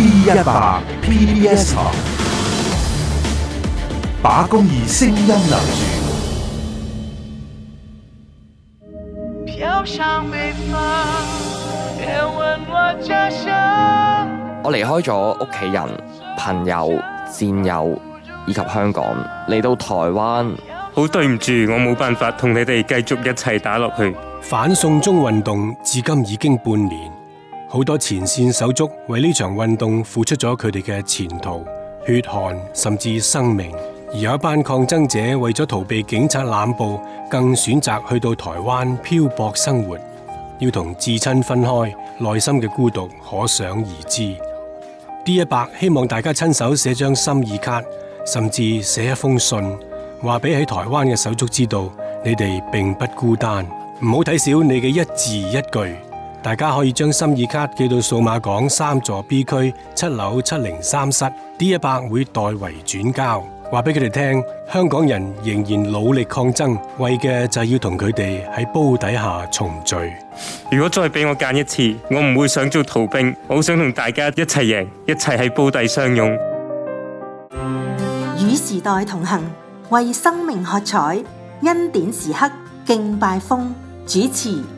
P 一百 PDS 把公義聲音留住。我離開咗屋企人、朋友、戰友以及香港，嚟到台灣。好對唔住，我冇辦法同你哋繼續一齊打落去。反送中運動至今已經半年。好多前線手足為呢場運動付出咗佢哋嘅前途、血汗甚至生命，而有一班抗爭者為咗逃避警察濫捕，更選擇去到台灣漂泊生活，要同至親分開，內心嘅孤獨可想而知。D100 希望大家親手寫張心意卡，甚至寫一封信，話俾喺台灣嘅手足知道，你哋並不孤單，唔好睇少你嘅一字一句。大家可以將心意卡寄到數碼港三座 B 區七樓七零三室，D100 會代為轉交。話俾佢哋聽，香港人仍然努力抗爭，為嘅就係要同佢哋喺煲底下重聚。如果再俾我揀一次，我唔會想做逃兵，好想同大家一齊贏，一齊喺煲底相擁。與時代同行，為生命喝彩，恩典時刻，敬拜風主持。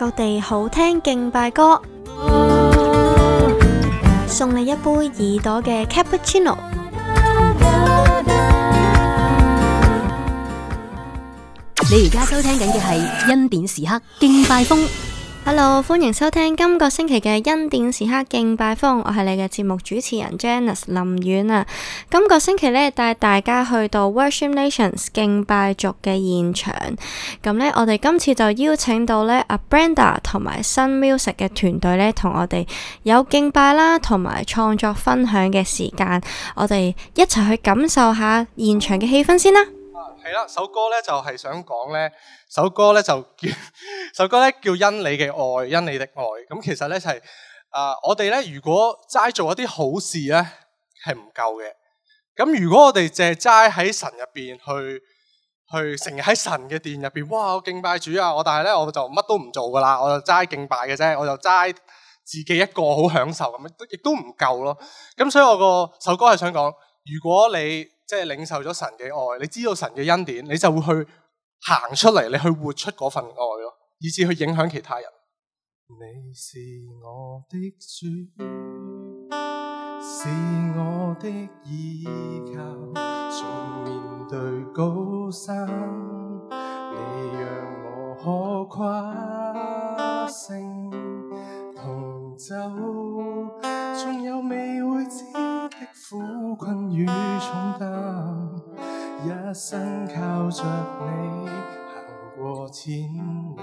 各地好聽敬拜歌，送你一杯耳朵嘅 cappuccino。你而家收聽緊嘅係恩典時刻敬拜風。hello，歡迎收聽今個星期嘅恩典時刻敬拜風，我係你嘅節目主持人 Janice 林苑。啊。今個星期咧帶大家去到 Worship Nations 敬拜族嘅現場，咁咧我哋今次就邀請到咧阿 Brenda 同埋新 music 嘅團隊咧，同我哋有敬拜啦，同埋創作分享嘅時間，我哋一齊去感受下現場嘅氣氛先啦。係啦，首歌咧就係想講咧，首歌咧就叫首歌咧叫因你嘅愛，因你的愛。咁其實咧就係，呃，我哋咧如果齋做一啲好事咧係唔夠嘅。咁如果我哋淨係齋喺神入邊去去成日喺神嘅殿入邊，哇我敬拜主啊！我但係咧我就乜都唔做噶啦，我就齋敬拜嘅啫，我就齋自己一個好享受咁，亦都唔夠咯。咁所以我個首歌係想講，如果你。即係領受咗神嘅愛，你知道神嘅恩典，你就會去行出嚟，你去活出嗰份愛咯，以致去影響其他人。你 你是是我我我的的主，是我的依靠。」縱面對高山，你讓我可跨勝同舟。苦困與重擔，一生靠着你行過千里，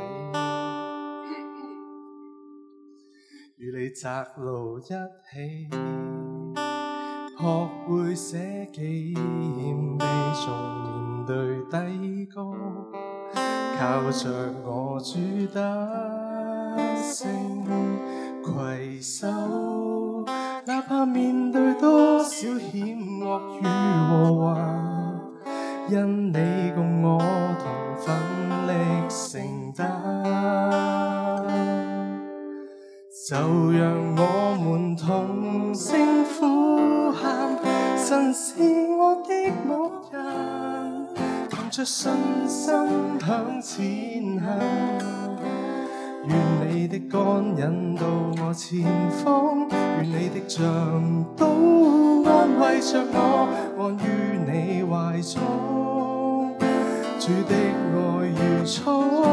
與你摘路一起，學會寫幾謙卑，仲面對低谷，靠着我主得勝，攜手。面對多少險惡與禍患，因你共我同奮力承擔。 就讓我們同聲呼喊，神是我的牧人，憑着信心向前行。願你的光引到我前方，願你的杖都安慰着我，安於你懷中。主的愛如初，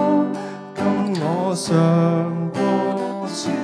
跟我嘗過。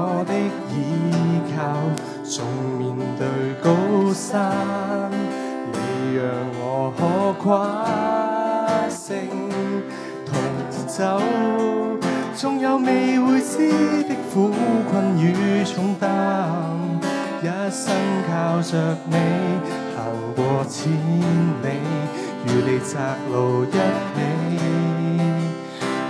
我的依靠，縱面對高山，你讓我可跨勝同走。縱有未會知的苦困與重擔，一生靠着你行過千里，與你窄路一起。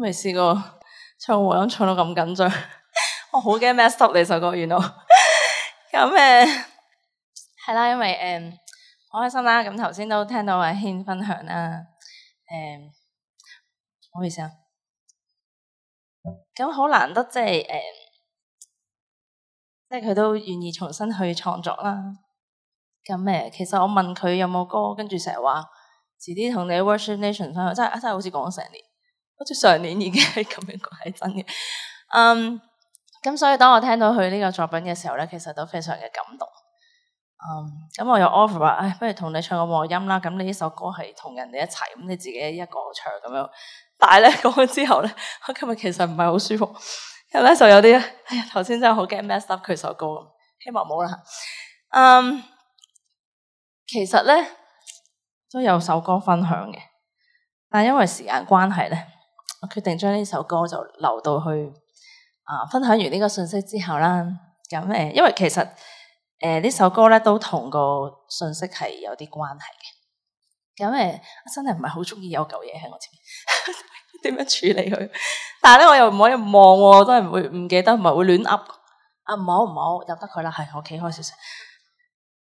未試過唱和音唱到咁緊張， 我好驚，messed up 你首歌，原來咁誒係啦，因為誒好、嗯、開心啦。咁頭先都聽到阿軒分享啦，誒、嗯，唔好意思啊，咁好難得即係誒，即係佢、嗯、都願意重新去創作啦。咁、嗯、誒，其實我問佢有冇歌，跟住成日話遲啲同你 Worship Nation 翻去，真係真係好似講成年。好似上年已經係咁樣講，係真嘅，嗯，咁所以當我聽到佢呢個作品嘅時候咧，其實都非常嘅感動，嗯，咁我又 offer 話、哎，不如同你唱個和音啦，咁你呢首歌係同人哋一齊，咁你自己一個唱咁樣，但係咧講咗之後咧，我今日其實唔係好舒服，咁咧就有啲，哎呀、頭先真係好驚 mess up 佢首歌，希望冇啦，嗯、um，其實咧都有首歌分享嘅，但係因為時間關係咧。我決定將呢首歌就留到去啊！分享完呢個信息之後啦，咁誒，因為其實誒呢、呃、首歌咧都同個信息係有啲關係嘅。咁誒，我真係唔係好中意有嚿嘢喺我前面，點 樣處理佢？ 但係咧，我又唔可以望喎，我都係唔會唔記得，唔係會亂噏。啊，唔好唔好，入得佢啦，係我企開少少，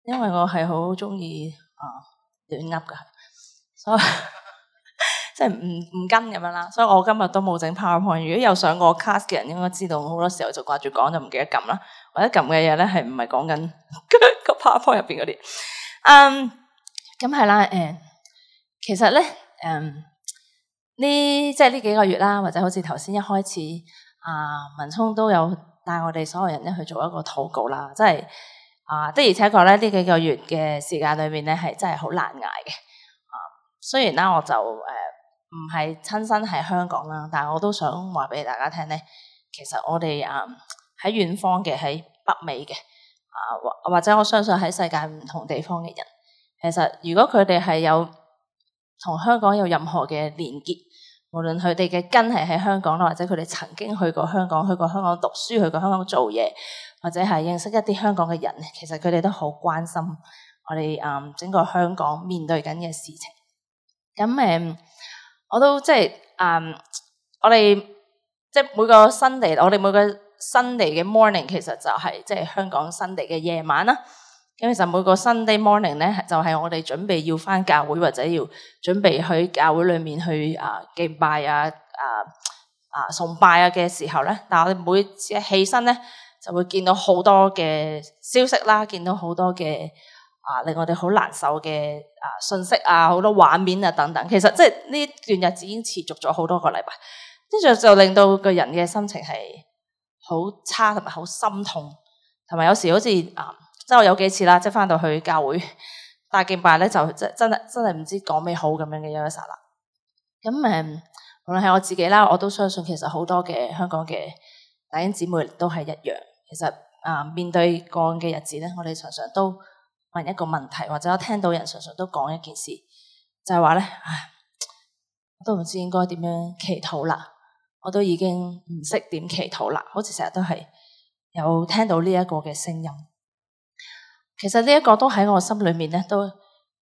因為我係好中意啊亂噏噶。所以即係唔唔跟咁樣啦，所以我今日都冇整 PowerPoint。如果有上過 class 嘅人，應該知道好多時候就掛住講，就唔記得撳啦，或者撳嘅嘢咧係唔係講緊個 PowerPoint 入邊嗰啲，um, 啊。嗯，咁係啦，誒，其實咧，嗯，呢即係呢幾個月啦，或者好似頭先一開始，啊，文聰都有帶我哋所有人咧去做一個禱告啦。即係啊，的而且確咧呢幾個月嘅時間裏面咧係真係好難挨嘅。啊，雖然啦，我就誒。啊唔係親身喺香港啦，但係我都想話俾大家聽咧。其實我哋啊喺遠方嘅、喺北美嘅啊，或或者我相信喺世界唔同地方嘅人，其實如果佢哋係有同香港有任何嘅連結，無論佢哋嘅根係喺香港啦，或者佢哋曾經去過香港、去過香港讀書、去過香港做嘢，或者係認識一啲香港嘅人，其實佢哋都好關心我哋啊整個香港面對緊嘅事情。咁誒。我都即係，嗯、um，我哋即係每個 Sunday，我哋每個 Sunday 嘅 morning 其實就係、是、即係香港 Sunday 嘅夜晚啦。咁其實每個 Sunday morning 咧，就係我哋準備要返教會或者要準備去教會裏面去啊敬拜啊啊啊崇拜啊嘅時候咧。但係我哋每次一起身咧，就會見到好多嘅消息啦，見到好多嘅。啊！令我哋好難受嘅啊信息啊，好多畫面啊等等，其實即係呢段日子已經持續咗好多個禮拜，跟住就令到個人嘅心情係好差，同埋好心痛，同埋有時好似啊，即係我有幾次啦，即係翻到去教會大敬拜咧，就真真真係唔知講咩好咁樣嘅有一剎那。咁、嗯、誒，可能無論係我自己啦，我都相信其實好多嘅香港嘅弟兄姊妹都係一樣。其實啊，面對過嘅日子咧，我哋常常都～問一個問題，或者我聽到人常常都講一件事，就係話咧，唉，我都唔知應該點樣祈禱啦，我都已經唔識點祈禱啦，好似成日都係有聽到呢一個嘅聲音。其實呢一個都喺我心裏面咧，都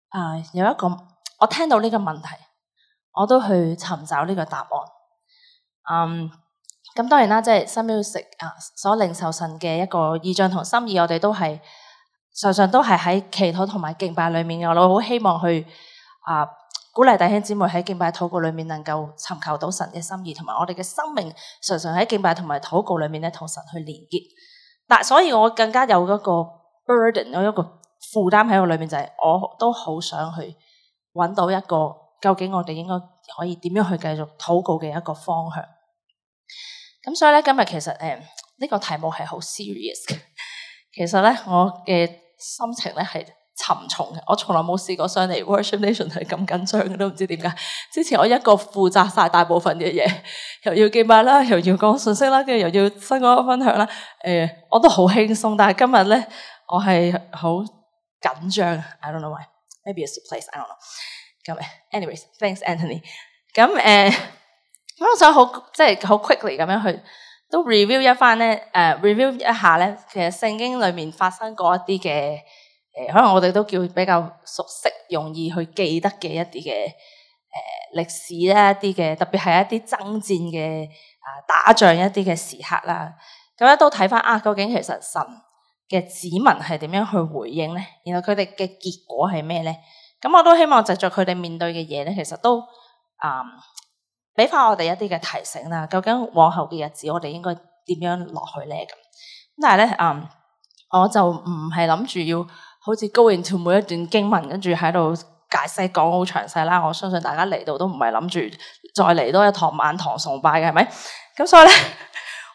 啊、呃、有一個，我聽到呢個問題，我都去尋找呢個答案。嗯，咁當然啦，即係新消息啊，所領受神嘅一個意象同心意，我哋都係。常常都係喺祈禱同埋敬拜裏面嘅，我好希望去啊、呃、鼓勵弟兄姊、姊妹喺敬拜禱告裏面能夠尋求到神嘅心意，同埋我哋嘅生命常常喺敬拜同埋禱告裏面咧同神去連結。但所以我更加有一個 burden，有一個負擔喺我裏面，就係、是、我都好想去揾到一個究竟我哋應該可以點樣去繼續禱告嘅一個方向。咁所以咧今日其實誒呢、呃這個題目係好 serious 嘅。其實咧，我嘅心情咧係沉重嘅。我從來冇試過上嚟 worship session 係咁緊張嘅，都唔知點解。之前我一個負責晒大部分嘅嘢，又要寄密啦，又要講信息啦，跟住又要新歌分享啦。誒、呃，我都好輕鬆。但係今日咧，我係好緊張。I don't know why. Maybe it's the place. I don't know. 咁，anyways，thanks Anthony。咁誒，我想好即係、就、好、是、quickly 咁樣去。都 review 一翻，咧，誒、呃、review 一下咧，其實聖經裏面發生過一啲嘅，誒、呃、可能我哋都叫比較熟悉、容易去記得嘅一啲嘅誒歷史啦，一啲嘅特別係一啲爭戰嘅啊、呃、打仗一啲嘅時刻啦。咁、嗯、咧都睇翻啊，究竟其實神嘅子民係點樣去回應咧？然後佢哋嘅結果係咩咧？咁、嗯、我都希望就著佢哋面對嘅嘢咧，其實都啊。嗯俾翻我哋一啲嘅提醒啦，究竟往後嘅日子我哋應該點樣落去咧？咁，咁但係咧，嗯，我就唔係諗住要好似 go into 每一段經文，跟住喺度解釋講好詳細啦。我相信大家嚟到都唔係諗住再嚟多一堂晚堂崇拜嘅，係咪？咁所以咧，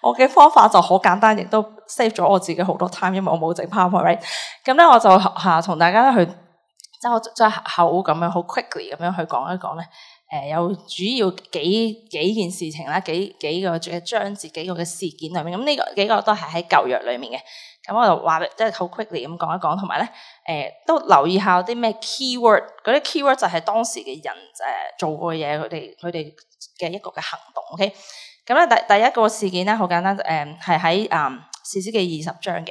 我嘅方法就好簡單，亦都 save 咗我自己好多 time，因為我冇整 PowerPoint，right? 咁咧，我就吓同、啊、大家去即係我即係口咁樣，好 quickly 咁樣去講一講咧。誒、呃、有主要幾幾件事情啦，幾幾個嘅章節，幾個嘅事件裏面，咁、嗯、呢、這個幾個都係喺舊約裏面嘅。咁、嗯、我就話即係好 quickly 咁講一講，同埋咧誒都留意下啲咩 keyword，嗰啲 keyword 就係當時嘅人誒做過嘢，佢哋佢哋嘅一個嘅行動。OK，咁咧第第一個事件咧好簡單，誒係喺誒士師記二十章嘅。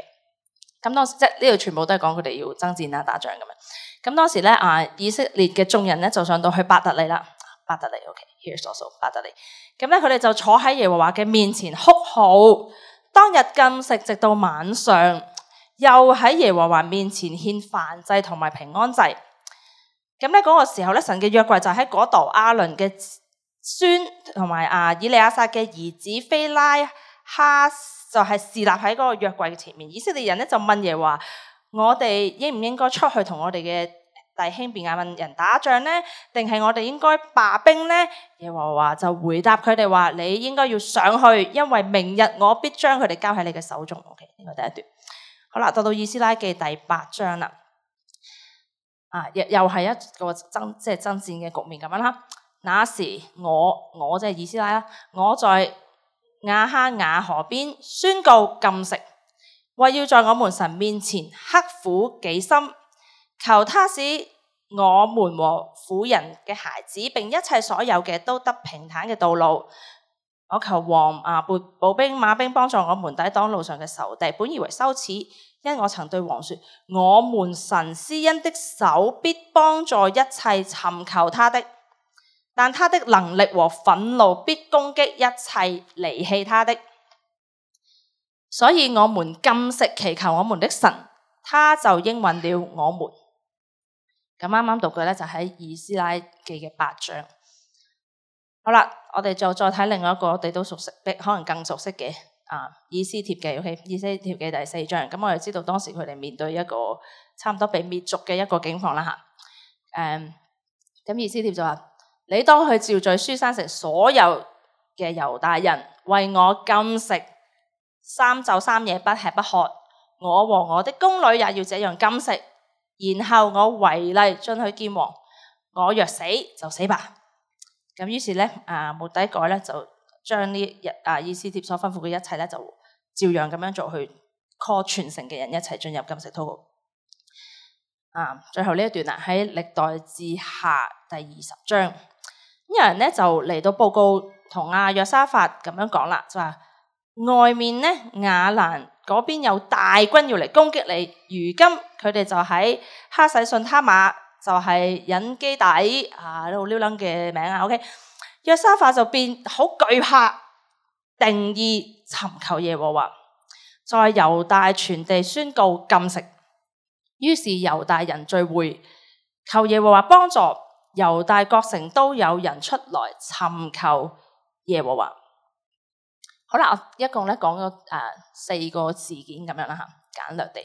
咁、嗯、當時即係呢度全部都係講佢哋要爭戰啊、打仗咁樣。咁、嗯、當時咧啊以色列嘅眾人咧就上到去伯特利啦。巴德嚟，OK，here's、okay. also 巴德嚟。咁咧，佢哋就坐喺耶和華嘅面前哭嚎，當日禁食，直到晚上，又喺耶和華面前獻燔祭同埋平安祭。咁咧，嗰個時候咧，神嘅約櫃就喺嗰度，亞倫嘅孫同埋阿以利亞撒嘅兒子菲拉哈就係、是、侍立喺嗰個約櫃前面。以色列人咧就問耶和華：我哋應唔應該出去同我哋嘅弟兄便雅憫人打仗呢？定係我哋應該罷兵呢？耶和華就回答佢哋話：你應該要上去，因為明日我必將佢哋交喺你嘅手中。OK，呢個第一段。好啦，到到以斯拉記第八章啦。啊，又又係一個爭即係爭戰嘅局面咁樣啦。那時我我即係以斯拉啦，我在亞哈雅河邊宣告禁食，為要在我們神面前刻苦己心。求他使我們和婦人嘅孩子，並一切所有嘅都得平坦嘅道路。我求王啊撥步，步兵、馬兵幫助我們抵擋路上嘅仇敵。本以為羞恥，因我曾對王說：我們神施恩的手必幫助一切尋求他的，但他的能力和憤怒必攻擊一切離棄他的。所以，我們禁食祈求我們的神，他就應允了我們。咁啱啱讀嘅咧就喺以斯拉記嘅八章。好啦，我哋就再睇另外一個我哋都熟悉，可能更熟悉嘅啊，以斯帖嘅，尤、okay? 其以斯帖嘅第四章。咁、嗯、我哋知道當時佢哋面對一個差唔多被滅族嘅一個境況啦吓，誒、啊，咁、嗯啊、以斯帖就話、是：你當去招聚書珊城所有嘅猶大人，為我禁食三晝三夜，不吃不喝。我和我的宮女也要這樣禁食。然後我違例進去見王，我若死就死吧。咁於是咧，啊末底改咧就將呢一啊以斯帖所吩咐嘅一切咧，就照樣咁樣做去 call 全城嘅人一齊進入禁食禱告。啊，最後呢一段啊，喺歷代志下第二十章，呢人咧就嚟到報告同阿、啊、約沙法咁樣講啦，就話外面咧亞蘭。嗰邊有大軍要嚟攻擊你，如今佢哋就喺哈洗遜他瑪，就係、是、隱基底啊，好溜楞嘅名啊。O K，約沙法就變好懼怕，定意尋求耶和華，在猶大全地宣告禁食，於是猶大人聚會，求耶和華幫助。猶大各城都有人出來尋求耶和華。好啦，我一共咧講咗誒、呃、四個事件咁樣啦嚇，簡略地。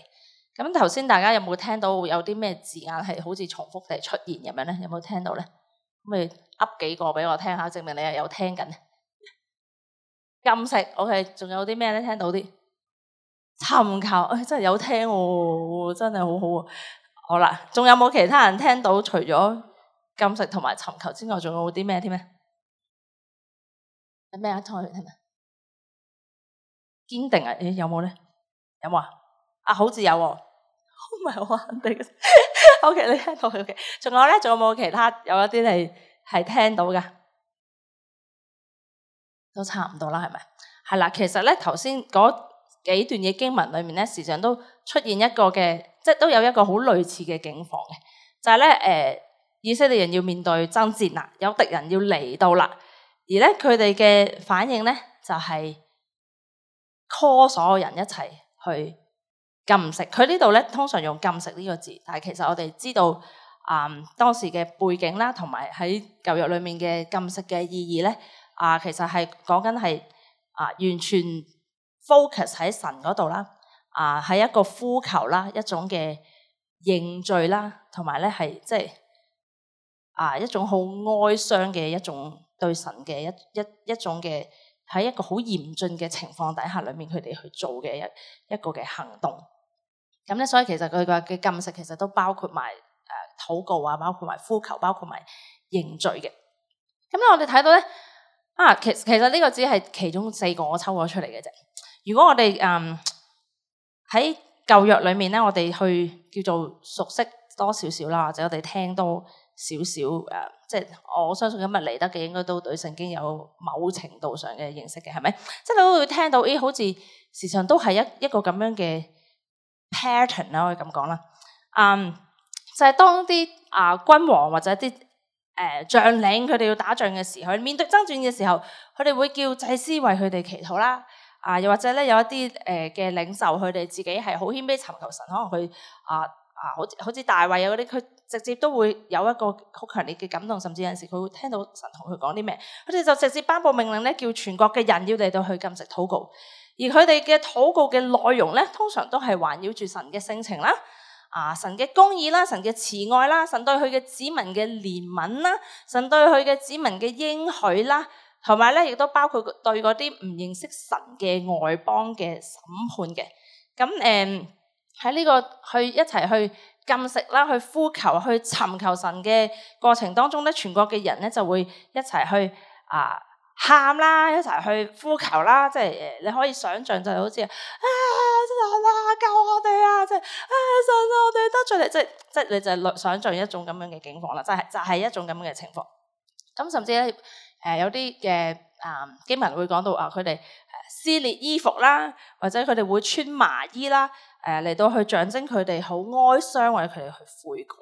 咁頭先大家有冇聽到有啲咩字眼係好似重複地出現咁樣咧？有冇聽到咧？咁咪噏幾個俾我聽下，證明你係有聽緊。禁食，OK，仲有啲咩咧？聽到啲尋求，誒、哎、真係有聽喎、哦，真係好好、哦、喎。好啦，仲有冇其他人聽到？除咗禁食同埋尋求之外，仲有冇啲咩添咧？有咩啊？通去係咪？堅定啊？誒、欸，有冇咧？有冇啊？啊，好似有喎、啊，唔係好肯定。O K，你聽到。 OK you know, okay.。仲有咧，仲有冇其他？有一啲係係聽到嘅，都差唔多啦，係咪？係啦，其實咧，頭先嗰幾段嘅經文裏面咧，時常都出現一個嘅，即係都有一個好類似嘅境況嘅，就係、是、咧，誒、呃，以色列人要面對爭戰啦，有敵人要嚟到啦，而咧佢哋嘅反應咧就係、是。call 所有人一齊去禁食，佢呢度咧通常用禁食呢個字，但係其實我哋知道，啊、呃、當時嘅背景啦，同埋喺舊約裏面嘅禁食嘅意義咧，啊、呃、其實係講緊係啊完全 focus 喺神嗰度啦，啊、呃、係一個呼求啦，一種嘅認罪啦，同埋咧係即係啊一種好哀傷嘅一種對神嘅一一一種嘅。喺一個好嚴峻嘅情況底下，裏面佢哋去做嘅一一個嘅行動，咁咧，所以其實佢話嘅禁食其實都包括埋誒禱告啊，包括埋呼求，包括埋認罪嘅。咁咧，我哋睇到咧啊，其其實呢個只係其中四個我抽咗出嚟嘅啫。如果我哋誒喺舊約裏面咧，我哋去叫做熟悉多少少啦，或者我哋聽到少少誒，即係我相信今日嚟得嘅，應該都對聖經有某程度上嘅認識嘅，係咪？即係都會聽到，咦、哎？好似時常都係一一個咁樣嘅 pattern 啦，可以咁講啦。嗯，就係、是、當啲啊、呃、君王或者啲誒將領佢哋要打仗嘅時候，面對爭戰嘅時候，佢哋會叫祭司為佢哋祈禱啦。啊、呃，又或者咧有一啲誒嘅領袖，佢哋自己係好謙卑尋求神，可能佢啊。呃啊，好似好似大衛有啲，佢直接都會有一個好強烈嘅感動，甚至有陣時佢會聽到神同佢講啲咩，佢哋就直接頒布命令咧，叫全國嘅人要嚟到去禁食禱告，而佢哋嘅禱告嘅內容咧，通常都係環繞住神嘅性情啦，啊，神嘅公義啦，神嘅慈愛啦，神對佢嘅子民嘅憐憫啦，神對佢嘅子民嘅應許啦，同埋咧，亦都包括對嗰啲唔認識神嘅外邦嘅審判嘅，咁誒。嗯喺呢、這個去一齊去禁食啦，去呼求、去尋求神嘅過程當中咧，全國嘅人咧就會一齊去啊喊啦，一齊去呼求啦，即係誒你可以想象就係好似啊神啊救我哋啊，即係啊神啊我哋得罪你，即係即係你就係想像一種咁樣嘅境況啦，就係就係一種咁樣嘅情況。咁甚至咧誒、呃、有啲嘅啊經文會講到啊，佢哋、呃、撕裂衣服啦，或者佢哋會穿麻衣啦。誒嚟到去象徵佢哋好哀傷，或者佢哋去悔改。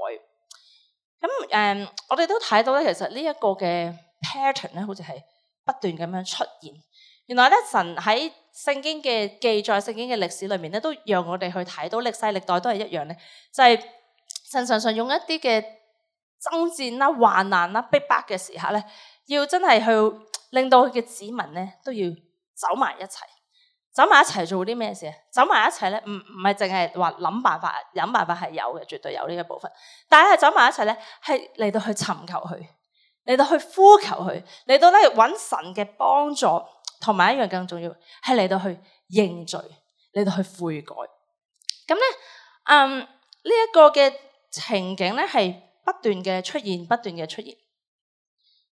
咁誒、嗯，我哋都睇到咧，其實呢一個嘅 pattern 咧，好似係不斷咁樣出現。原來咧，神喺聖經嘅記載、聖經嘅歷史裏面咧，都讓我哋去睇到歷世歷代都係一樣咧，就係、是、神常常用一啲嘅爭戰啦、患難啦、逼迫嘅時刻咧，要真係去令到佢嘅子民咧都要走埋一齊。走埋一齊做啲咩事？走埋一齊咧，唔唔係淨係話諗辦法，諗辦法係有嘅，絕對有呢一部分。但係走埋一齊咧，係嚟到去尋求佢，嚟到去呼求佢，嚟到咧揾神嘅幫助，同埋一樣更重要，係嚟到去認罪，嚟到去悔改。咁咧，嗯，呢、這、一個嘅情景咧係不斷嘅出現，不斷嘅出現。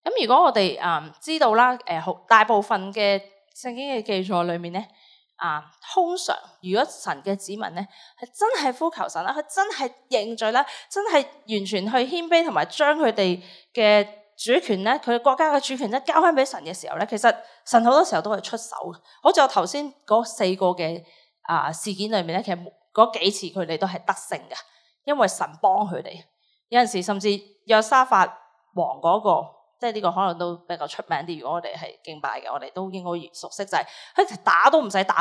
咁如果我哋啊、嗯、知道啦，誒，好大部分嘅聖經嘅記載裏面咧。啊，通常如果神嘅子民咧，係真係呼求神啦，佢真係認罪啦，真係完全去謙卑同埋將佢哋嘅主權咧，佢國家嘅主權咧交翻俾神嘅時候咧，其實神好多時候都係出手嘅。好似我頭先嗰四個嘅啊事件裏面咧，其實嗰幾次佢哋都係得勝嘅，因為神幫佢哋。有陣時甚至約沙法王嗰個。即係呢個可能都比較出名啲。如果我哋係敬拜嘅，我哋都應該熟悉就係、是、佢打都唔使打，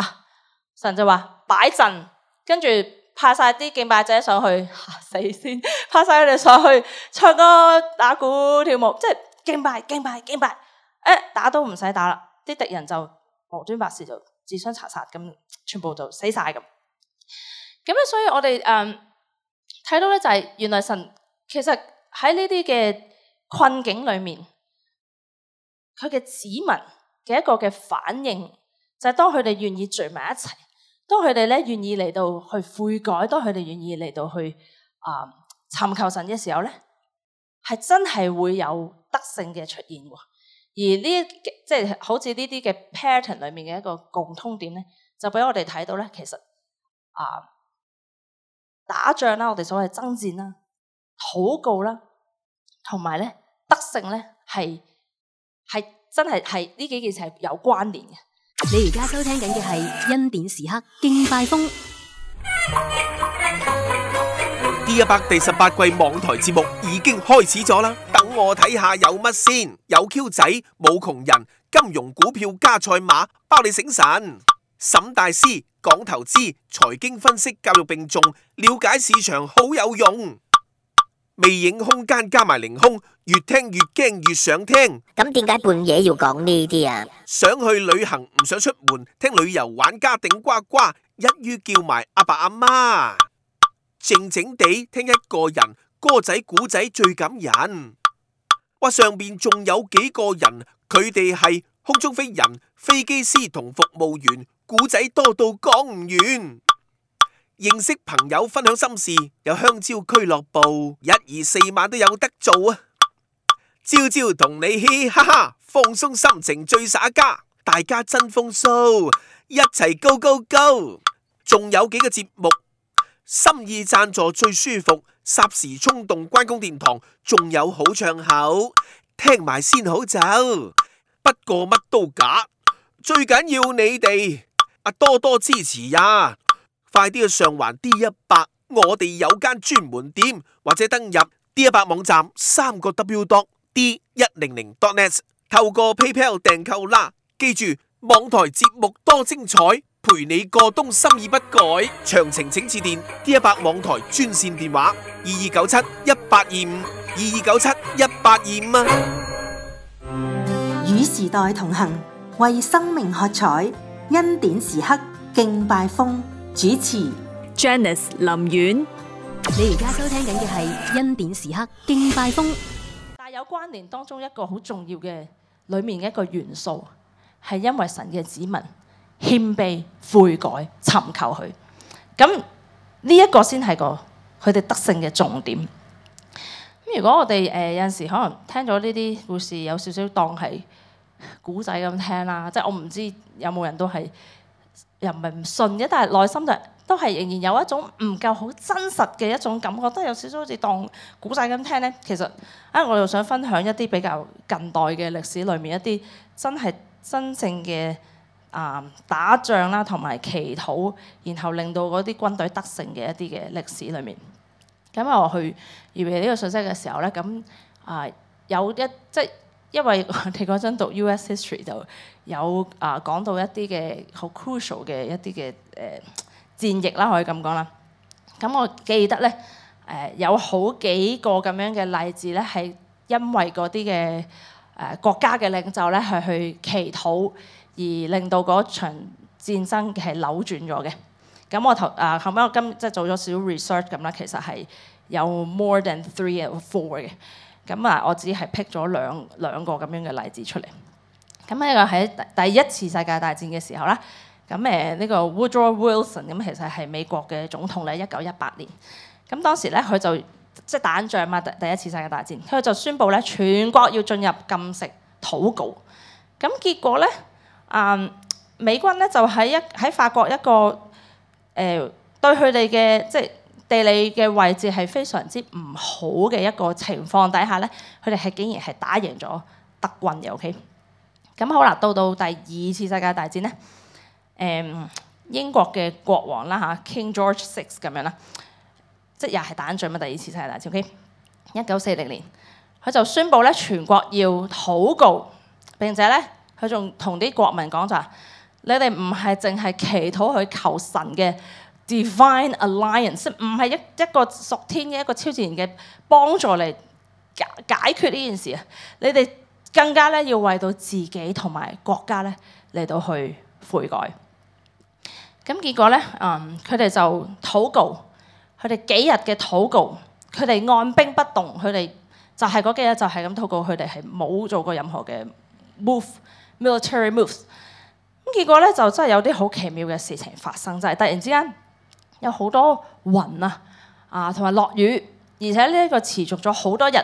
神就話擺陣，跟住派晒啲敬拜者上去嚇死先，派晒佢哋上去唱歌、打鼓、跳舞，即係敬拜、敬拜、敬拜。誒、啊，打都唔使打啦，啲敵人就無端白事就自相殘殺咁，全部就死晒咁。咁咧，所以我哋誒睇到咧就係、是、原來神其實喺呢啲嘅困境裏面。佢嘅子民嘅一個嘅反應，就係、是、當佢哋願意聚埋一齊，當佢哋咧願意嚟到去悔改，當佢哋願意嚟到去啊尋、呃、求神嘅時候咧，係真係會有得勝嘅出現喎。而呢即係好似呢啲嘅 pattern 裡面嘅一個共通點咧，就俾我哋睇到咧，其實啊、呃、打仗啦，我哋所謂爭戰啦、禱告啦，同埋咧得勝咧係。係真係係呢幾件事係有關聯嘅。你而家收聽緊嘅係恩典時刻，敬拜風，第一百第十八季網台節目已經開始咗啦。等我睇下有乜先，有 Q 仔，冇窮人，金融股票加賽馬，包你醒神。沈大師講投資、財經分析、教育並重，了解市場好有用。微影空間加埋凌空，越聽越驚，越想聽。咁點解半夜要講呢啲啊？想去旅行唔想出門，聽旅遊玩家頂呱呱，一於叫埋阿爸阿媽，靜靜地聽一個人歌仔古仔最感人。哇！上面仲有幾個人，佢哋係空中飛人、飛機師同服務員，古仔多到講唔完。認識朋友，分享心事，有香蕉俱樂部，一、二、四晚都有得做啊！朝朝同你嘻哈哈，放鬆心情最耍家，大家真風騷，一齊 go go go！仲有幾個節目，心意贊助最舒服，霎時衝動關公殿堂，仲有好唱口，聽埋先好走。不過乜都假，最緊要你哋啊多多支持呀、啊！快啲去上環 D 一百，我哋有間專門店，或者登入 D 一百網站，三個 w dot d 一零零 dot net，透過 PayPal 訂購啦。記住網台節目多精彩，陪你過冬心意不改。詳情請致電 D 一百網台專線電話二二九七一八二五二二九七一八二五啊。與時代同行，為生命喝彩，恩典時刻敬拜風。主持 Janice 林苑，你而家收聽緊嘅係恩典時刻敬拜風。但有關聯當中一個好重要嘅，裏面一個元素，係因為神嘅子民謙卑悔改尋求佢，咁呢一個先係個佢哋得勝嘅重點。咁如果我哋誒、呃、有陣時可能聽咗呢啲故事，有少少當係古仔咁聽啦，即係我唔知有冇人都係。又唔係唔信嘅，但係內心就係、都係仍然有一種唔夠好真實嘅一種感覺，都係有少少好似當古仔咁聽咧。其實啊，我又想分享一啲比較近代嘅歷史裏面一啲真係真正嘅啊、呃、打仗啦，同埋祈禱，然後令到嗰啲軍隊得勝嘅一啲嘅歷史裏面。咁我去預備呢個信息嘅時候咧，咁啊、呃、有一即。因為我哋嗰陣讀 US History 就有啊，講到一啲嘅好 crucial 嘅一啲嘅誒戰役啦，可以咁講啦。咁我記得咧，誒有好幾個咁樣嘅例子咧，係因為嗰啲嘅誒國家嘅領袖咧，係去祈禱，而令到嗰場戰爭係扭轉咗嘅。咁我頭，啊，後尾我今即係做咗少少 research 咁啦，其實係有 more than three or four 嘅。咁啊，我只係 pick 咗兩兩個咁樣嘅例子出嚟。咁呢個喺第一次世界大戰嘅時候啦，咁誒呢個 Woodrow Wilson 咁其實係美國嘅總統咧，一九一八年。咁當時咧佢就即係打響仗啊，第第一次世界大戰，佢就宣布咧全國要進入禁食、禱告。咁結果咧，嗯，美軍咧就喺一喺法國一個誒、呃、對佢哋嘅即係，地理嘅位置係非常之唔好嘅一個情況底下咧，佢哋係竟然係打贏咗德軍嘅。O K，咁好啦，到到第二次世界大戰咧，誒、嗯、英國嘅國王啦吓 King George VI 咁樣啦，即係又係打仗啦。第二次世界大戰，O K，一九四零年，佢就宣布咧全國要禱告，並且咧佢仲同啲國民講就話：你哋唔係淨係祈禱去求神嘅。Divine Alliance，即唔係一一個屬天嘅一個超自然嘅幫助嚟解決呢件事啊！你哋更加咧要為到自己同埋國家咧嚟到去悔改。咁結果咧，嗯，佢哋就禱告，佢哋幾日嘅禱告，佢哋按兵不動，佢哋就係嗰幾日就係咁禱告，佢哋係冇做過任何嘅 move，military moves。咁結果咧就真係有啲好奇妙嘅事情發生，就係突然之間。有好多雲啊，啊，同埋落雨，而且呢一個持續咗好多日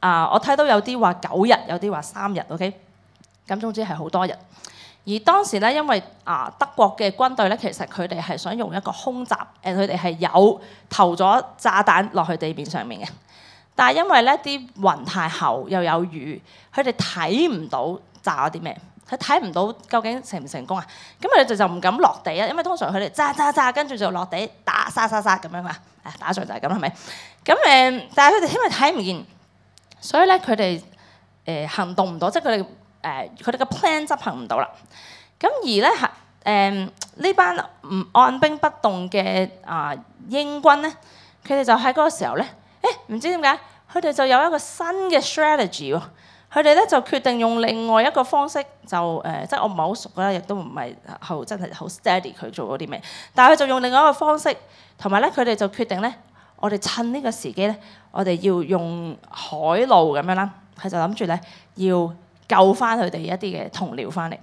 啊，我睇到有啲話九日，有啲話三日，ok，咁總之係好多日。而當時咧，因為啊德國嘅軍隊咧，其實佢哋係想用一個空襲，誒、啊，佢哋係有投咗炸彈落去地面上面嘅，但係因為咧啲雲太厚又有雨，佢哋睇唔到炸咗啲咩？佢睇唔到究竟成唔成功啊？咁佢哋就唔敢落地啊！因為通常佢哋揸揸揸，跟住就落地打沙沙沙咁樣啊！誒，打仗就係咁，係咪？咁誒、呃，但係佢哋因為睇唔見，所以咧佢哋誒行動唔到，即係佢哋誒佢哋嘅 plan 執行唔到啦。咁而咧係誒呢、呃、班唔按兵不動嘅啊、呃、英軍咧，佢哋就喺嗰個時候咧，誒、欸、唔知點解佢哋就有一個新嘅 strategy 喎。佢哋咧就決定用另外一個方式，就誒、呃，即係我唔係好熟啦，亦都唔係好真係好 steady 佢做嗰啲咩。但係佢就用另外一個方式，同埋咧佢哋就決定咧，我哋趁呢個時機咧，我哋要用海路咁樣啦。佢就諗住咧要救翻佢哋一啲嘅同僚翻嚟。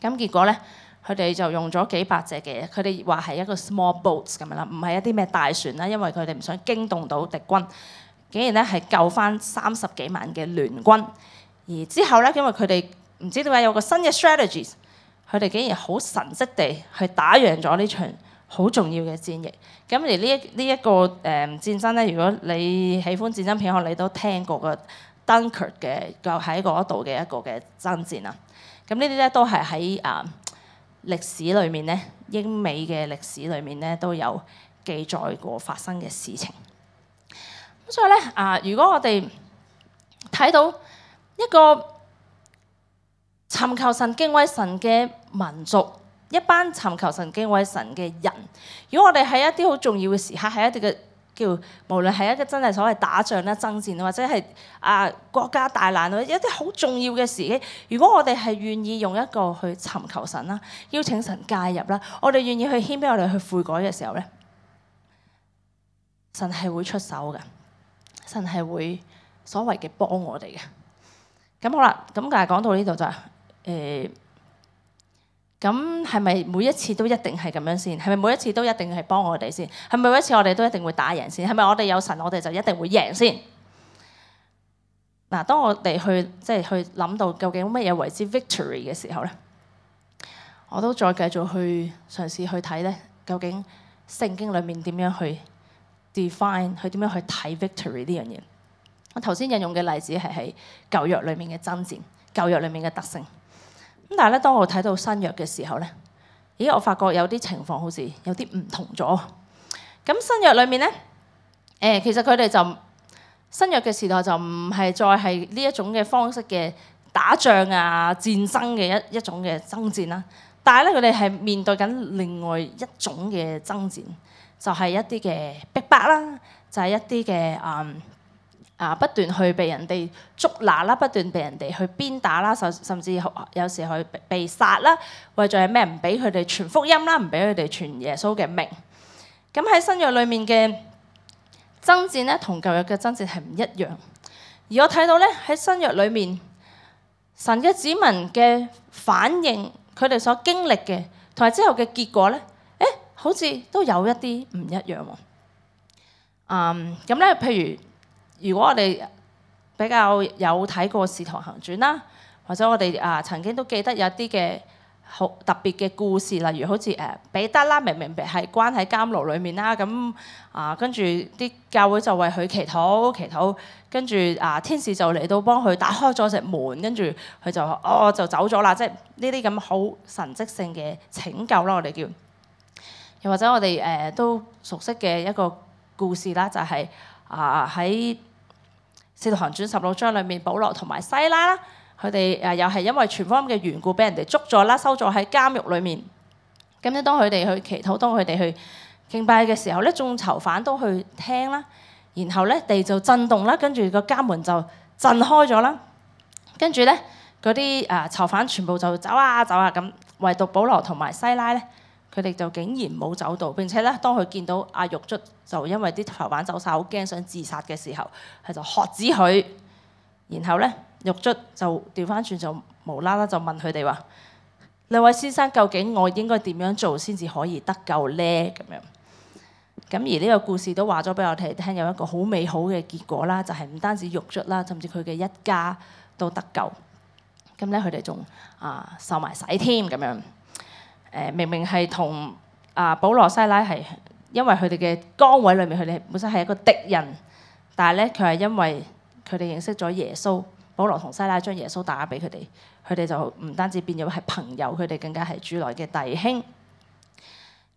咁結果咧，佢哋就用咗幾百隻嘅，佢哋話係一個 small boats 咁樣啦，唔係一啲咩大船啦，因為佢哋唔想驚動到敵軍。竟然咧係救返三十幾萬嘅聯軍，而之後咧，因為佢哋唔知點解有個新嘅 strategies，佢哋竟然好神奇地去打贏咗呢場好重要嘅戰役。咁而呢一呢一個誒戰爭咧，如果你喜歡戰爭片，我你都聽過個 Dunkirk 嘅，就喺嗰度嘅一個嘅爭戰啊。咁呢啲咧都係喺啊歷史裏面咧，英美嘅歷史裏面咧都有記載過發生嘅事情。咁所以咧，啊！如果我哋睇到一個尋求神敬畏神嘅民族，一班尋求神敬畏神嘅人，如果我哋喺一啲好重要嘅時刻，喺一啲嘅叫無論係一個真係所謂打仗啦、爭戰，或者係啊國家大難，或者一啲好重要嘅時機，如果我哋係願意用一個去尋求神啦，邀請神介入啦，我哋願意去謙卑我哋去悔改嘅時候咧，神係會出手嘅。神係會所謂嘅幫我哋嘅，咁好啦，咁但係講到呢度就誒，咁係咪每一次都一定係咁樣先？係咪每一次都一定係幫我哋先？係咪每一次我哋都一定會打贏先？係咪我哋有神，我哋就一定會贏先？嗱、啊，當我哋去即係、就是、去諗到究竟乜嘢為之 victory 嘅時候咧，我都再繼續去嘗試去睇咧，究竟聖經裏面點樣去？define 佢點樣去睇 victory 呢樣嘢？我頭先引用嘅例子係喺舊約裡面嘅爭戰，舊約裡面嘅得勝。咁但係咧，當我睇到新約嘅時候咧，咦，我發覺有啲情況好似有啲唔同咗。咁新約裡面咧，誒，其實佢哋就新約嘅時代就唔係再係呢一種嘅方式嘅打仗啊、戰爭嘅一一種嘅爭戰啦。但係咧，佢哋係面對緊另外一種嘅爭戰。就係一啲嘅逼迫啦，就係一啲嘅，嗯啊，不斷去被人哋捉拿啦，不斷被人哋去鞭打啦，甚甚至有時去被殺啦，為咗係咩，唔俾佢哋傳福音啦，唔俾佢哋傳耶穌嘅名。咁喺新約裏面嘅爭戰咧，同舊約嘅爭戰係唔一樣。而我睇到咧喺新約裏面，神嘅子民嘅反應，佢哋所經歷嘅，同埋之後嘅結果咧。好似都有一啲唔一樣喎、啊。嗯，咁咧，譬如如果我哋比較有睇過《使徒行傳》啦，或者我哋啊、呃、曾經都記得有啲嘅好特別嘅故事，例如好似誒彼得啦，明明係關喺監牢裡面啦？咁啊，跟住啲教會就為佢祈禱祈禱，跟住啊天使就嚟到幫佢打開咗隻門，跟住佢就哦我就走咗啦。即係呢啲咁好神蹟性嘅拯救啦，我哋叫。又或者我哋誒都熟悉嘅一個故事啦，就係啊喺《使徒行傳》十六章裏面，保羅同埋西拉啦，佢哋誒又係因為全方位嘅緣故，俾人哋捉咗啦，收咗喺監獄裏面。咁咧，當佢哋去祈禱、當佢哋去敬拜嘅時候咧，眾囚犯都去聽啦，然後咧地就震動啦，跟住個監門就震開咗啦。跟住咧，嗰啲誒囚犯全部就走啊走啊咁，唯獨保羅同埋西拉咧。佢哋就竟然冇走到。並且咧，當佢見到阿獄卒，就因為啲頭玩走晒好驚想自殺嘅時候，佢就喝止佢。然後咧，獄卒就調翻轉，就無啦啦就問佢哋話： 兩位先生，究竟我應該點樣做先至可以得救咧？咁樣。咁而呢個故事都話咗俾我哋聽，有一個好美好嘅結果啦，就係、是、唔單止獄卒啦，甚至佢嘅一家都得救。咁咧，佢哋仲啊受埋洗添咁樣。誒，明明係同啊保羅西拉係，因為佢哋嘅崗位裏面，佢哋本身係一個敵人，但係咧佢係因為佢哋認識咗耶穌，保羅同西拉將耶穌打俾佢哋，佢哋就唔單止變咗係朋友，佢哋更加係主內嘅弟兄。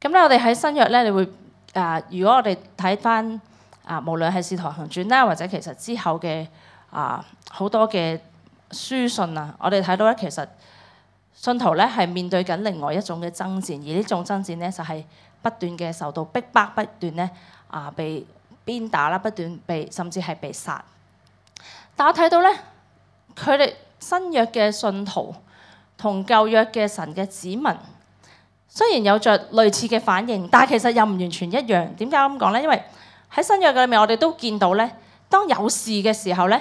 咁咧，我哋喺新約咧，你會誒、啊，如果我哋睇返啊，無論係《使徒行傳》啦，或者其實之後嘅啊好多嘅書信啊，我哋睇到咧，其實。信徒咧係面對緊另外一種嘅爭戰，而呢種爭戰咧就係不斷嘅受到逼迫，迫，不斷咧啊被鞭打啦，不斷被甚至係被殺。但我睇到咧，佢哋新約嘅信徒同舊約嘅神嘅子民，雖然有着類似嘅反應，但係其實又唔完全一樣。點解咁講咧？因為喺新約嘅裏面，我哋都見到咧，當有事嘅時候咧。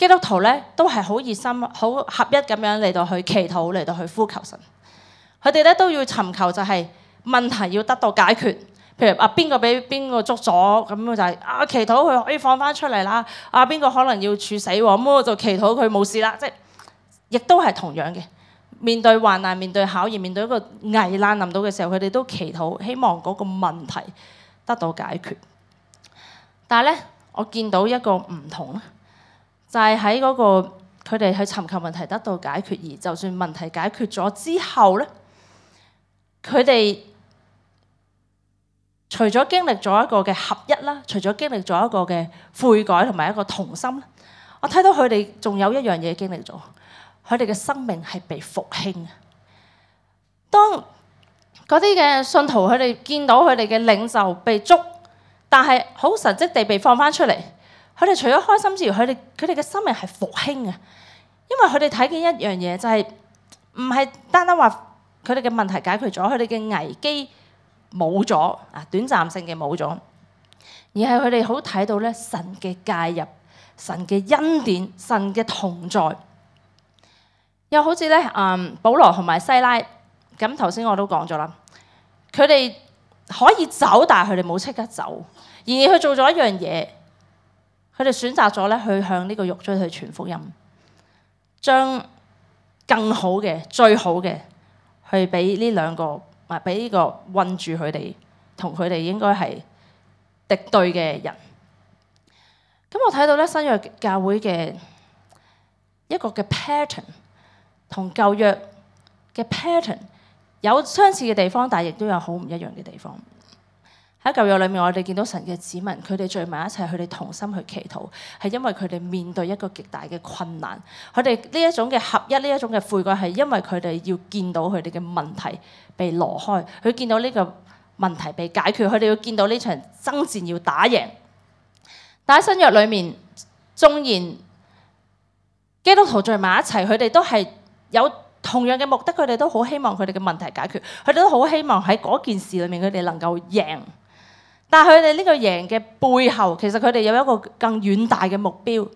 基督徒咧都係好熱心、好合一咁樣嚟到去祈禱、嚟到去呼求神。佢哋咧都要尋求就係、是、問題要得到解決。譬如啊，邊個俾邊個捉咗咁就係、是、啊，祈禱佢可以放翻出嚟啦。啊，邊個可能要處死喎？咁我就祈禱佢冇事啦。即係亦都係同樣嘅，面對患難、面對考驗、面對一個危難臨到嘅時候，佢哋都祈禱希望嗰個問題得到解決。但係咧，我見到一個唔同。就係喺嗰個佢哋去尋求問題得到解決，而就算問題解決咗之後咧，佢哋除咗經歷咗一個嘅合一啦，除咗經歷咗一個嘅悔改同埋一個同心，我睇到佢哋仲有一樣嘢經歷咗，佢哋嘅生命係被復興。當嗰啲嘅信徒佢哋見到佢哋嘅領袖被捉，但係好神蹟地被放翻出嚟。佢哋除咗開心之餘，佢哋佢哋嘅生命係復興嘅，因為佢哋睇見一樣嘢，就係唔係單單話佢哋嘅問題解決咗，佢哋嘅危機冇咗啊，短暫性嘅冇咗，而係佢哋好睇到咧神嘅介入、神嘅恩典、神嘅同在，又好似咧嗯，保羅同埋西拉，咁頭先我都講咗啦，佢哋可以走，但係佢哋冇即刻走，而佢做咗一樣嘢。佢哋選擇咗咧去向呢個獄卒去傳福音，將更好嘅、最好嘅去俾呢兩個，或俾呢個困住佢哋、同佢哋應該係敵對嘅人。咁我睇到咧新約教會嘅一個嘅 pattern 同舊約嘅 pattern 有相似嘅地方，但係亦都有好唔一樣嘅地方。喺舊約裏面，我哋見到神嘅子民，佢哋聚埋一齊，佢哋同心去祈禱，係因為佢哋面對一個極大嘅困難。佢哋呢一種嘅合一，呢一種嘅悔改，係因為佢哋要見到佢哋嘅問題被挪開，佢見到呢個問題被解決，佢哋要見到呢場爭戰要打贏。但喺新約裏面，縱然基督徒聚埋一齊，佢哋都係有同樣嘅目的，佢哋都好希望佢哋嘅問題解決，佢哋都好希望喺嗰件事裏面佢哋能夠贏。但係佢哋呢個贏嘅背後，其實佢哋有一個更遠大嘅目標。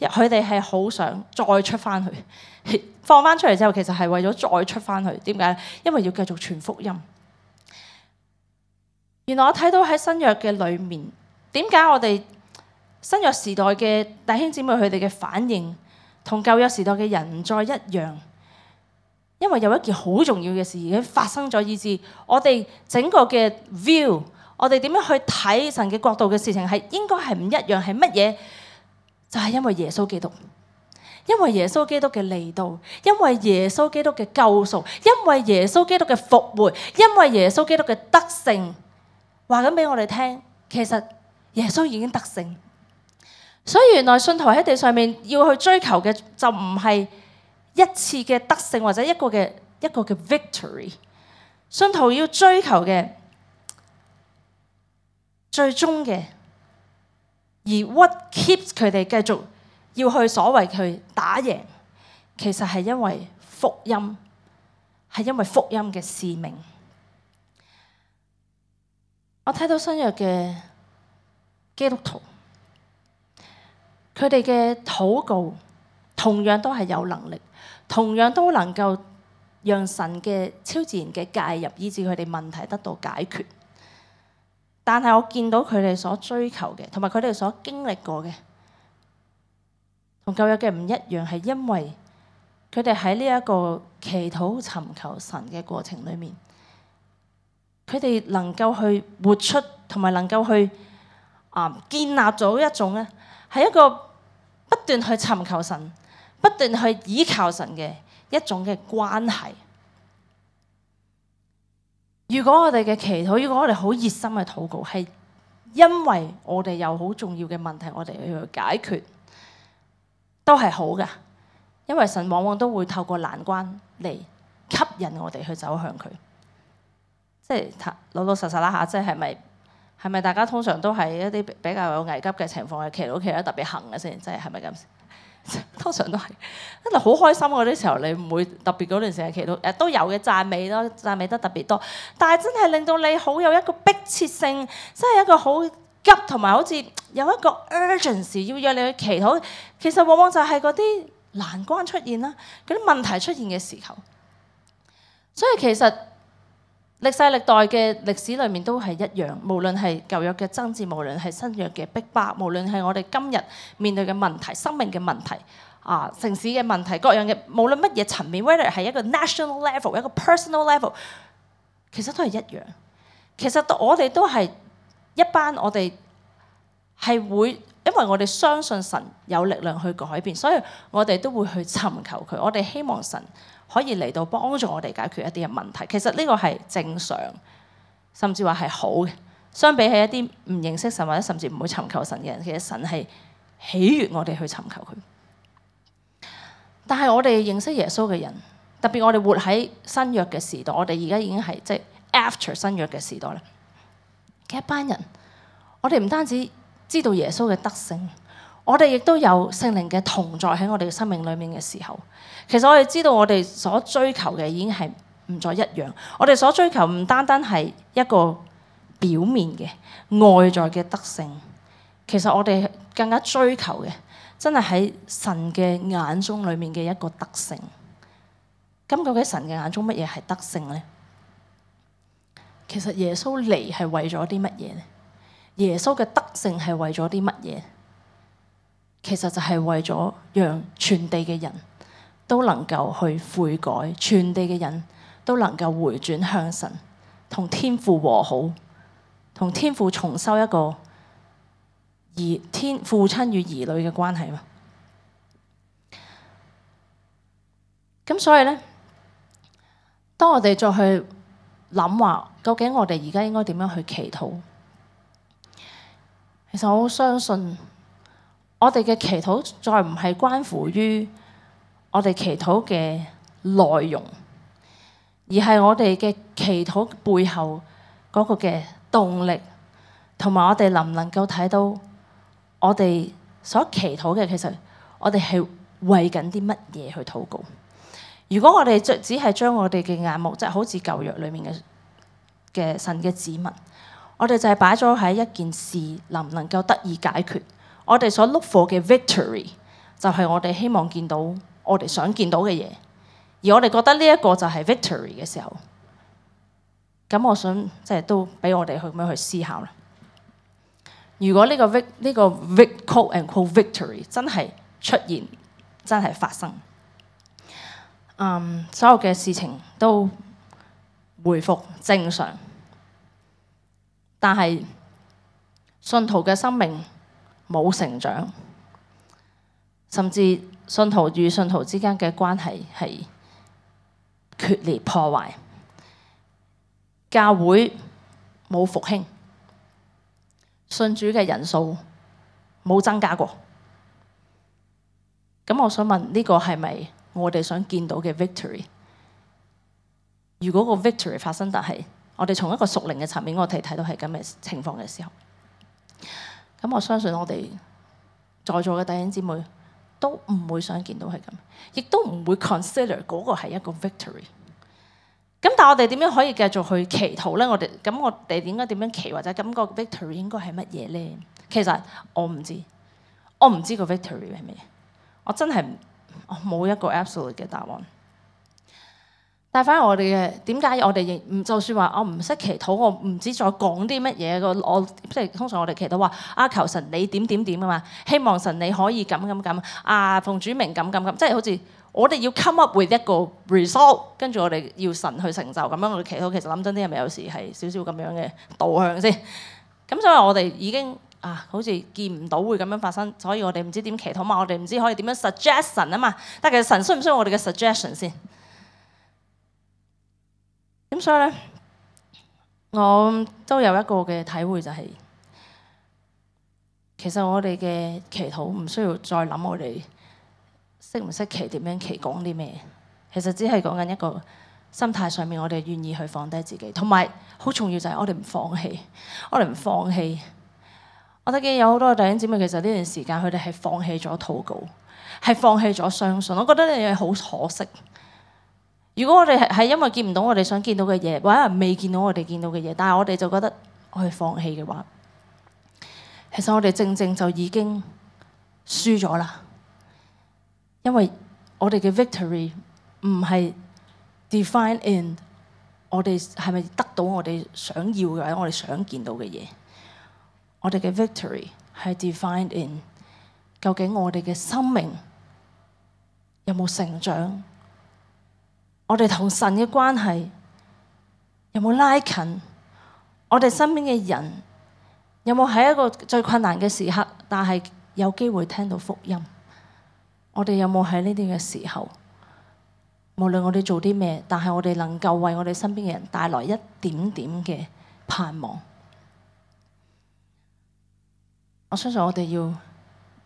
佢哋係好想再出翻去，放翻出嚟之後，其實係為咗再出翻去。點解？因為要繼續傳福音。原來我睇到喺新約嘅裏面，點解我哋新約時代嘅弟兄姐妹佢哋嘅反應，同舊約時代嘅人唔再一樣？因為有一件好重要嘅事已經發生咗，以致我哋整個嘅 view。我哋點樣去睇神嘅角度嘅事情係應該係唔一樣？係乜嘢？就係因為耶穌基督，因為耶穌基督嘅嚟到，因為耶穌基督嘅救贖，因為耶穌基督嘅復活，因為耶穌基督嘅得勝。話咁俾我哋聽，其實耶穌已經得勝，所以原來信徒喺地上面要去追求嘅就唔係一次嘅得勝或者一個嘅一個嘅 victory。信徒要追求嘅。最終嘅而 what keeps 佢哋繼續要去所謂去打贏，其實係因為福音，係因為福音嘅使命。我睇到新約嘅基督徒，佢哋嘅禱告同樣都係有能力，同樣都能夠讓神嘅超自然嘅介入，以至佢哋問題得到解決。但係我見到佢哋所追求嘅，同埋佢哋所經歷過嘅，同舊日嘅唔一樣，係因為佢哋喺呢一個祈禱尋求神嘅過程裏面，佢哋能夠去活出，同埋能夠去建立咗一種，呢係一個不斷去尋求神、不斷去倚靠神嘅一種嘅關係。如果我哋嘅祈禱，如果我哋好熱心嘅禱告，係因為我哋有好重要嘅問題，我哋要去解決，都係好㗎。因為神往往都會透過難關嚟吸引我哋去走向佢。即係老老實實啦吓，即係係咪係咪？是。是大家通常都係一啲比較有危急嘅情況，去祈禱，祈禱得特別行嘅先，即係係咪咁？是通常都係，真係好開心嗰啲時候，你唔會特別嗰段時間祈禱，誒都有嘅讚美咯，讚美得特別多。但係真係令到你好有一個迫切性，真係一個好急，同埋好似有一個 urgency 要讓你去祈禱。其實往往就係嗰啲難關出現啦，嗰啲問題出現嘅時候，所以其實。歷世歷代嘅歷史裏面都係一樣，無論係舊約嘅爭戰，無論係新約嘅逼迫，無論係我哋今日面對嘅問題、生命嘅問題、啊城市嘅問題、各樣嘅，無論乜嘢層面，無論係一個 national level，一個 personal level，其實都係一樣。其實都我哋都係一班我哋係會，因為我哋相信神有力量去改變，所以我哋都會去尋求佢。我哋希望神。可以嚟到幫助我哋解決一啲嘅問題，其實呢個係正常，甚至話係好嘅。相比起一啲唔認識神或者甚至唔會尋求神嘅人，其實神係喜悅我哋去尋求佢。但係我哋認識耶穌嘅人，特別我哋活喺新約嘅時代，我哋而家已經係即係 after 新約嘅時代啦。嘅一班人，我哋唔單止知道耶穌嘅德性。我哋亦都有聖靈嘅同在喺我哋嘅生命裏面嘅時候，其實我哋知道我哋所追求嘅已經係唔再一樣。我哋所追求唔單單係一個表面嘅外在嘅德性，其實我哋更加追求嘅真係喺神嘅眼中裏面嘅一個德性。咁究竟神嘅眼中乜嘢係德性呢？其實耶穌嚟係為咗啲乜嘢呢？耶穌嘅德性係為咗啲乜嘢？其實就係為咗讓全地嘅人都能夠去悔改，全地嘅人都能夠回轉向神，同天父和好，同天父重修一個兒天父親與兒女嘅關係嘛。咁所以呢，當我哋再去諗話，究竟我哋而家應該點樣去祈禱？其實我好相信。我哋嘅祈禱再唔係關乎於我哋祈禱嘅內容，而係我哋嘅祈禱背後嗰個嘅動力，同埋我哋能唔能夠睇到我哋所祈禱嘅，其實我哋係為緊啲乜嘢去禱告？如果我哋只係將我哋嘅眼目，即係好似舊約裏面嘅嘅神嘅子民，我哋就係擺咗喺一件事能唔能夠得以解決？我哋所 look for 嘅 victory 就係我哋希望見到，我哋想見到嘅嘢，而我哋覺得呢一個就係 victory 嘅時候，咁我想即係都俾我哋去咁樣去思考啦。如果呢個 v 呢個 vi, quote quote victory 真係出現，真係發生，嗯，所有嘅事情都回復正常，但係信徒嘅生命。冇成長，甚至信徒與信徒之間嘅關係係決裂破壞，教會冇復興，信主嘅人數冇增加過。咁我想問：呢、這個係咪我哋想見到嘅 victory？如果個 victory 發生，但係我哋從一個屬靈嘅層面，我哋睇到係咁嘅情況嘅時候。咁我相信我哋在座嘅弟兄姊妹都唔會想見到係咁，亦都唔會 consider 嗰個係一個 victory。咁但係我哋點樣可以繼續去祈禱咧？我哋咁我哋點解點樣祈或者咁個 victory 應該係乜嘢咧？其實我唔知，我唔知個 victory 係咩，我真係冇一個 absolute 嘅答案。但係反而我哋嘅，點解我哋唔，就算話我唔識祈禱，我唔知再講啲乜嘢。個我即係通常我哋祈禱話啊求神你點點點啊嘛，希望神你可以咁咁咁啊，奉主名咁咁咁，即係好似我哋要 come up with 一個 result，跟住我哋要神去成就咁樣我哋祈禱，其實諗真啲係咪有時係少少咁樣嘅導向先？咁所以我哋已經啊，好似見唔到會咁樣發生，所以我哋唔知點祈禱嘛，我哋唔知可以點樣 suggestion 啊嘛，但係其實神需唔需要我哋嘅 suggestion 先？咁所以咧，我都有一個嘅體會就係，其實我哋嘅祈禱唔需要再諗我哋識唔識祈，點樣祈，講啲咩，其實只係講緊一個心態上面，我哋願意去放低自己，同埋好重要就係我哋唔放棄，我哋唔放棄。我都見有好多嘅弟兄姊妹，其實呢段時間佢哋係放棄咗禱告，係放棄咗相信，我覺得呢樣嘢好可惜。如果我哋係因為見唔到我哋想見到嘅嘢，或者係未見到我哋見到嘅嘢，但係我哋就覺得去放棄嘅話，其實我哋正正就已經輸咗啦。因為我哋嘅 victory 唔係 define in 我哋係咪得到我哋想要嘅，或者我哋想見到嘅嘢，我哋嘅 victory 係 define in 究竟我哋嘅生命有冇成長？我哋同神嘅關係有冇拉近？我哋身邊嘅人有冇喺一個最困難嘅時刻，但係有機會聽到福音？我哋有冇喺呢啲嘅時候，無論我哋做啲咩，但係我哋能夠為我哋身邊嘅人帶來一點點嘅盼望？我相信我哋要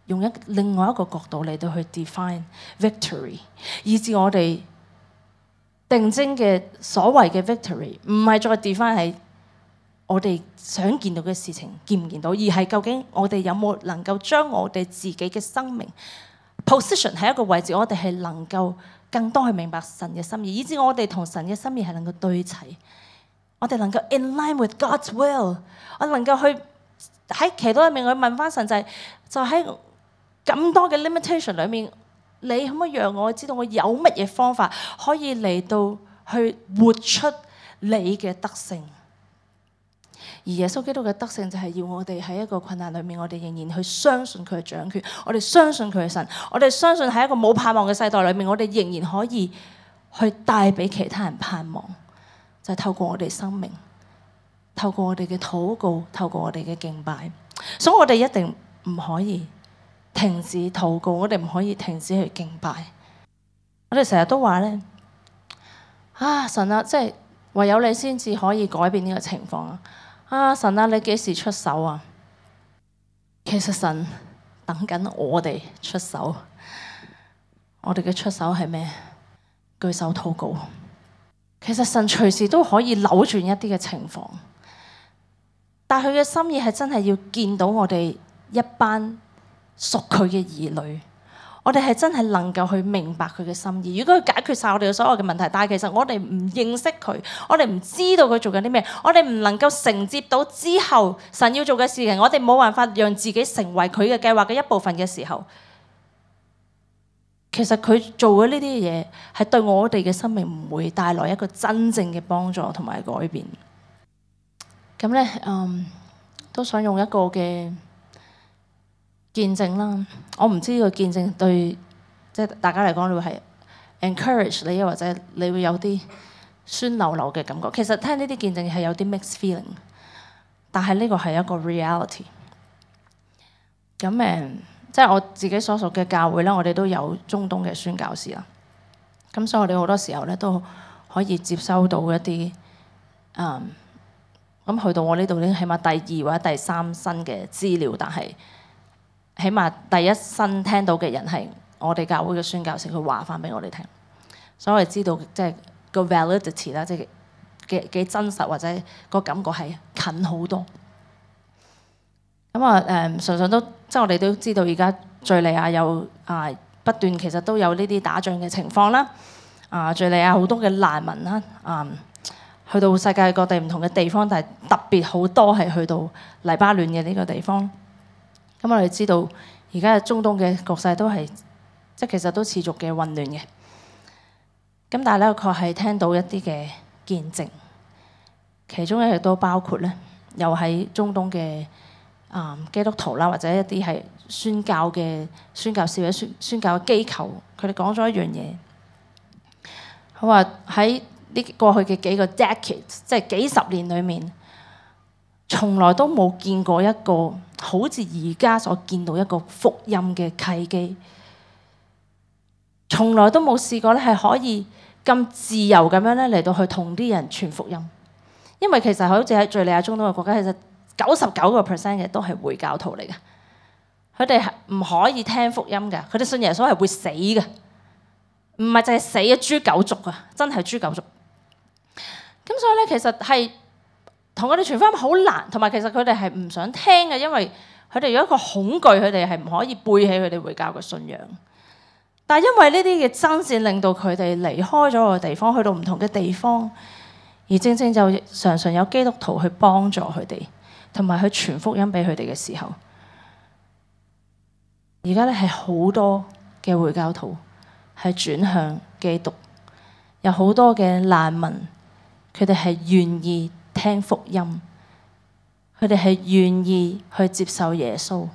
用一另外一個角度嚟到去 define victory，以致我哋。定睛嘅所謂嘅 victory，唔係再 define 喺我哋想見到嘅事情見唔見到，而係究竟我哋有冇能夠將我哋自己嘅生命 position 喺一個位置，我哋係能夠更多去明白神嘅心意，以至我哋同神嘅心意係能夠對齊，我哋能夠 in line with God's will，我哋能夠去喺祈禱入面，去問翻神就係就喺咁多嘅 limitation 裏面。你可唔可以讓我,我知道我有乜嘢方法可以嚟到去活出你嘅德性？而耶穌基督嘅德性就係要我哋喺一個困難裏面，我哋仍然去相信佢嘅掌權，我哋相信佢嘅神，我哋相信喺一個冇盼望嘅世代裏面，我哋仍然可以去帶俾其他人盼望，就係透過我哋生命，透過我哋嘅禱告，透過我哋嘅敬拜。所以我哋一定唔可以。停止禱告，我哋唔可以停止去敬拜。我哋成日都話咧：啊神啊，即係唯有你先至可以改變呢個情況啊！啊神啊，你幾時出手啊？其實神等緊我哋出手。我哋嘅出手係咩？舉手禱告。其實神隨時都可以扭轉一啲嘅情況，但係佢嘅心意係真係要見到我哋一班。屬佢嘅兒女，我哋係真係能夠去明白佢嘅心意。如果佢解決晒我哋嘅所有嘅問題，但係其實我哋唔認識佢，我哋唔知道佢做緊啲咩，我哋唔能夠承接到之後神要做嘅事情，我哋冇辦法讓自己成為佢嘅計劃嘅一部分嘅時候，其實佢做嘅呢啲嘢係對我哋嘅生命唔會帶來一個真正嘅幫助同埋改變。咁咧，嗯，都想用一個嘅。見證啦，我唔知個見證對即係大家嚟講會係 encourage 你，又或者你會有啲酸溜溜嘅感覺。其實聽呢啲見證係有啲 mixed feeling，但係呢個係一個 reality。咁誒，and, 即係我自己所屬嘅教會啦，我哋都有中東嘅宣教士啦。咁所以我哋好多時候咧都可以接收到一啲嗯，咁去到我呢度已經，起碼第二或者第三新嘅資料，但係。起碼第一身聽到嘅人係我哋教會嘅宣教士，佢話翻俾我哋聽，所以我哋知道即係個 validity 啦，即係、那個、幾幾真實或者個感覺係近好多。咁啊誒，常、嗯、常常都即係我哋都知道，而家敍利亞有啊不斷其實都有呢啲打仗嘅情況啦。啊，敍利亞好多嘅難民啦，啊去到世界各地唔同嘅地方，但係特別好多係去到黎巴嫩嘅呢個地方。咁、嗯、我哋知道而家嘅中東嘅局勢都係，即係其實都持續嘅混亂嘅。咁但係咧，我確係聽到一啲嘅見證，其中一個亦都包括咧，又喺中東嘅啊、嗯、基督徒啦，或者一啲係宣教嘅宣教士、宣宣教嘅機構，佢哋講咗一樣嘢。佢話喺呢過去嘅幾個 decade，即係幾十年裏面，從來都冇見過一個。好似而家所見到一個福音嘅契機，從來都冇試過咧，係可以咁自由咁樣咧嚟到去同啲人傳福音。因為其實好似喺敘利亞中東嘅國家，其實九十九個 percent 嘅都係回教徒嚟嘅，佢哋係唔可以聽福音嘅，佢哋信耶穌係會死嘅，唔係就係死嘅豬狗族啊！真係豬狗族。咁所以咧，其實係。同佢哋傳福音好難，同埋其實佢哋係唔想聽嘅，因為佢哋有一個恐懼，佢哋係唔可以背棄佢哋回教嘅信仰。但係因為呢啲嘅爭戰，令到佢哋離開咗個地方，去到唔同嘅地方，而正正就常常有基督徒去幫助佢哋，同埋去傳福音俾佢哋嘅時候，而家咧係好多嘅回教徒係轉向基督，有好多嘅難民，佢哋係願意。聽福音，佢哋係願意去接受耶穌，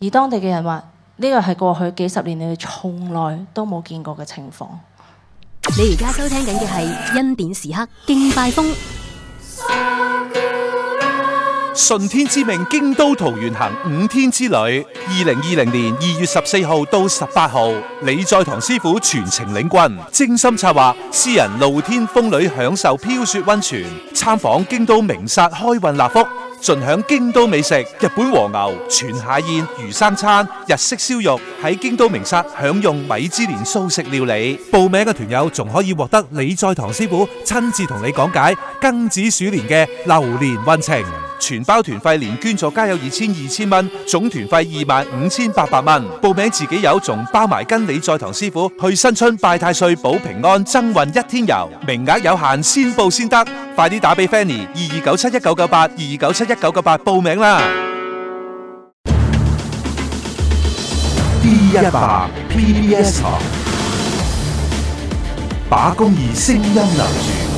而當地嘅人話呢個係過去幾十年你哋從來都冇見過嘅情況。你而家收聽緊嘅係《恩典時刻》敬拜風。順天之命，京都桃源行五天之旅，二零二零年二月十四號到十八號，李在堂師傅全程領軍，精心策劃，私人露天風呂，享受飄雪温泉，參訪京都名剎開運納福，盡享京都美食，日本和牛全蟹宴、魚生餐、日式燒肉，喺京都名剎享用米芝蓮素食料理。報名嘅團友仲可以獲得李在堂師傅親自同你講解庚子鼠年嘅流年運程。全包團費連捐助，加有二千二千蚊，總團費二萬五千八百蚊。報名自己有，仲包埋跟李在堂師傅去新春拜太歲保平安，增運一天遊。名額有限，先報先得，快啲打俾 Fanny 二二九七一九九八二二九七一九九八報名啦！D100 PBS 把公義聲音留住。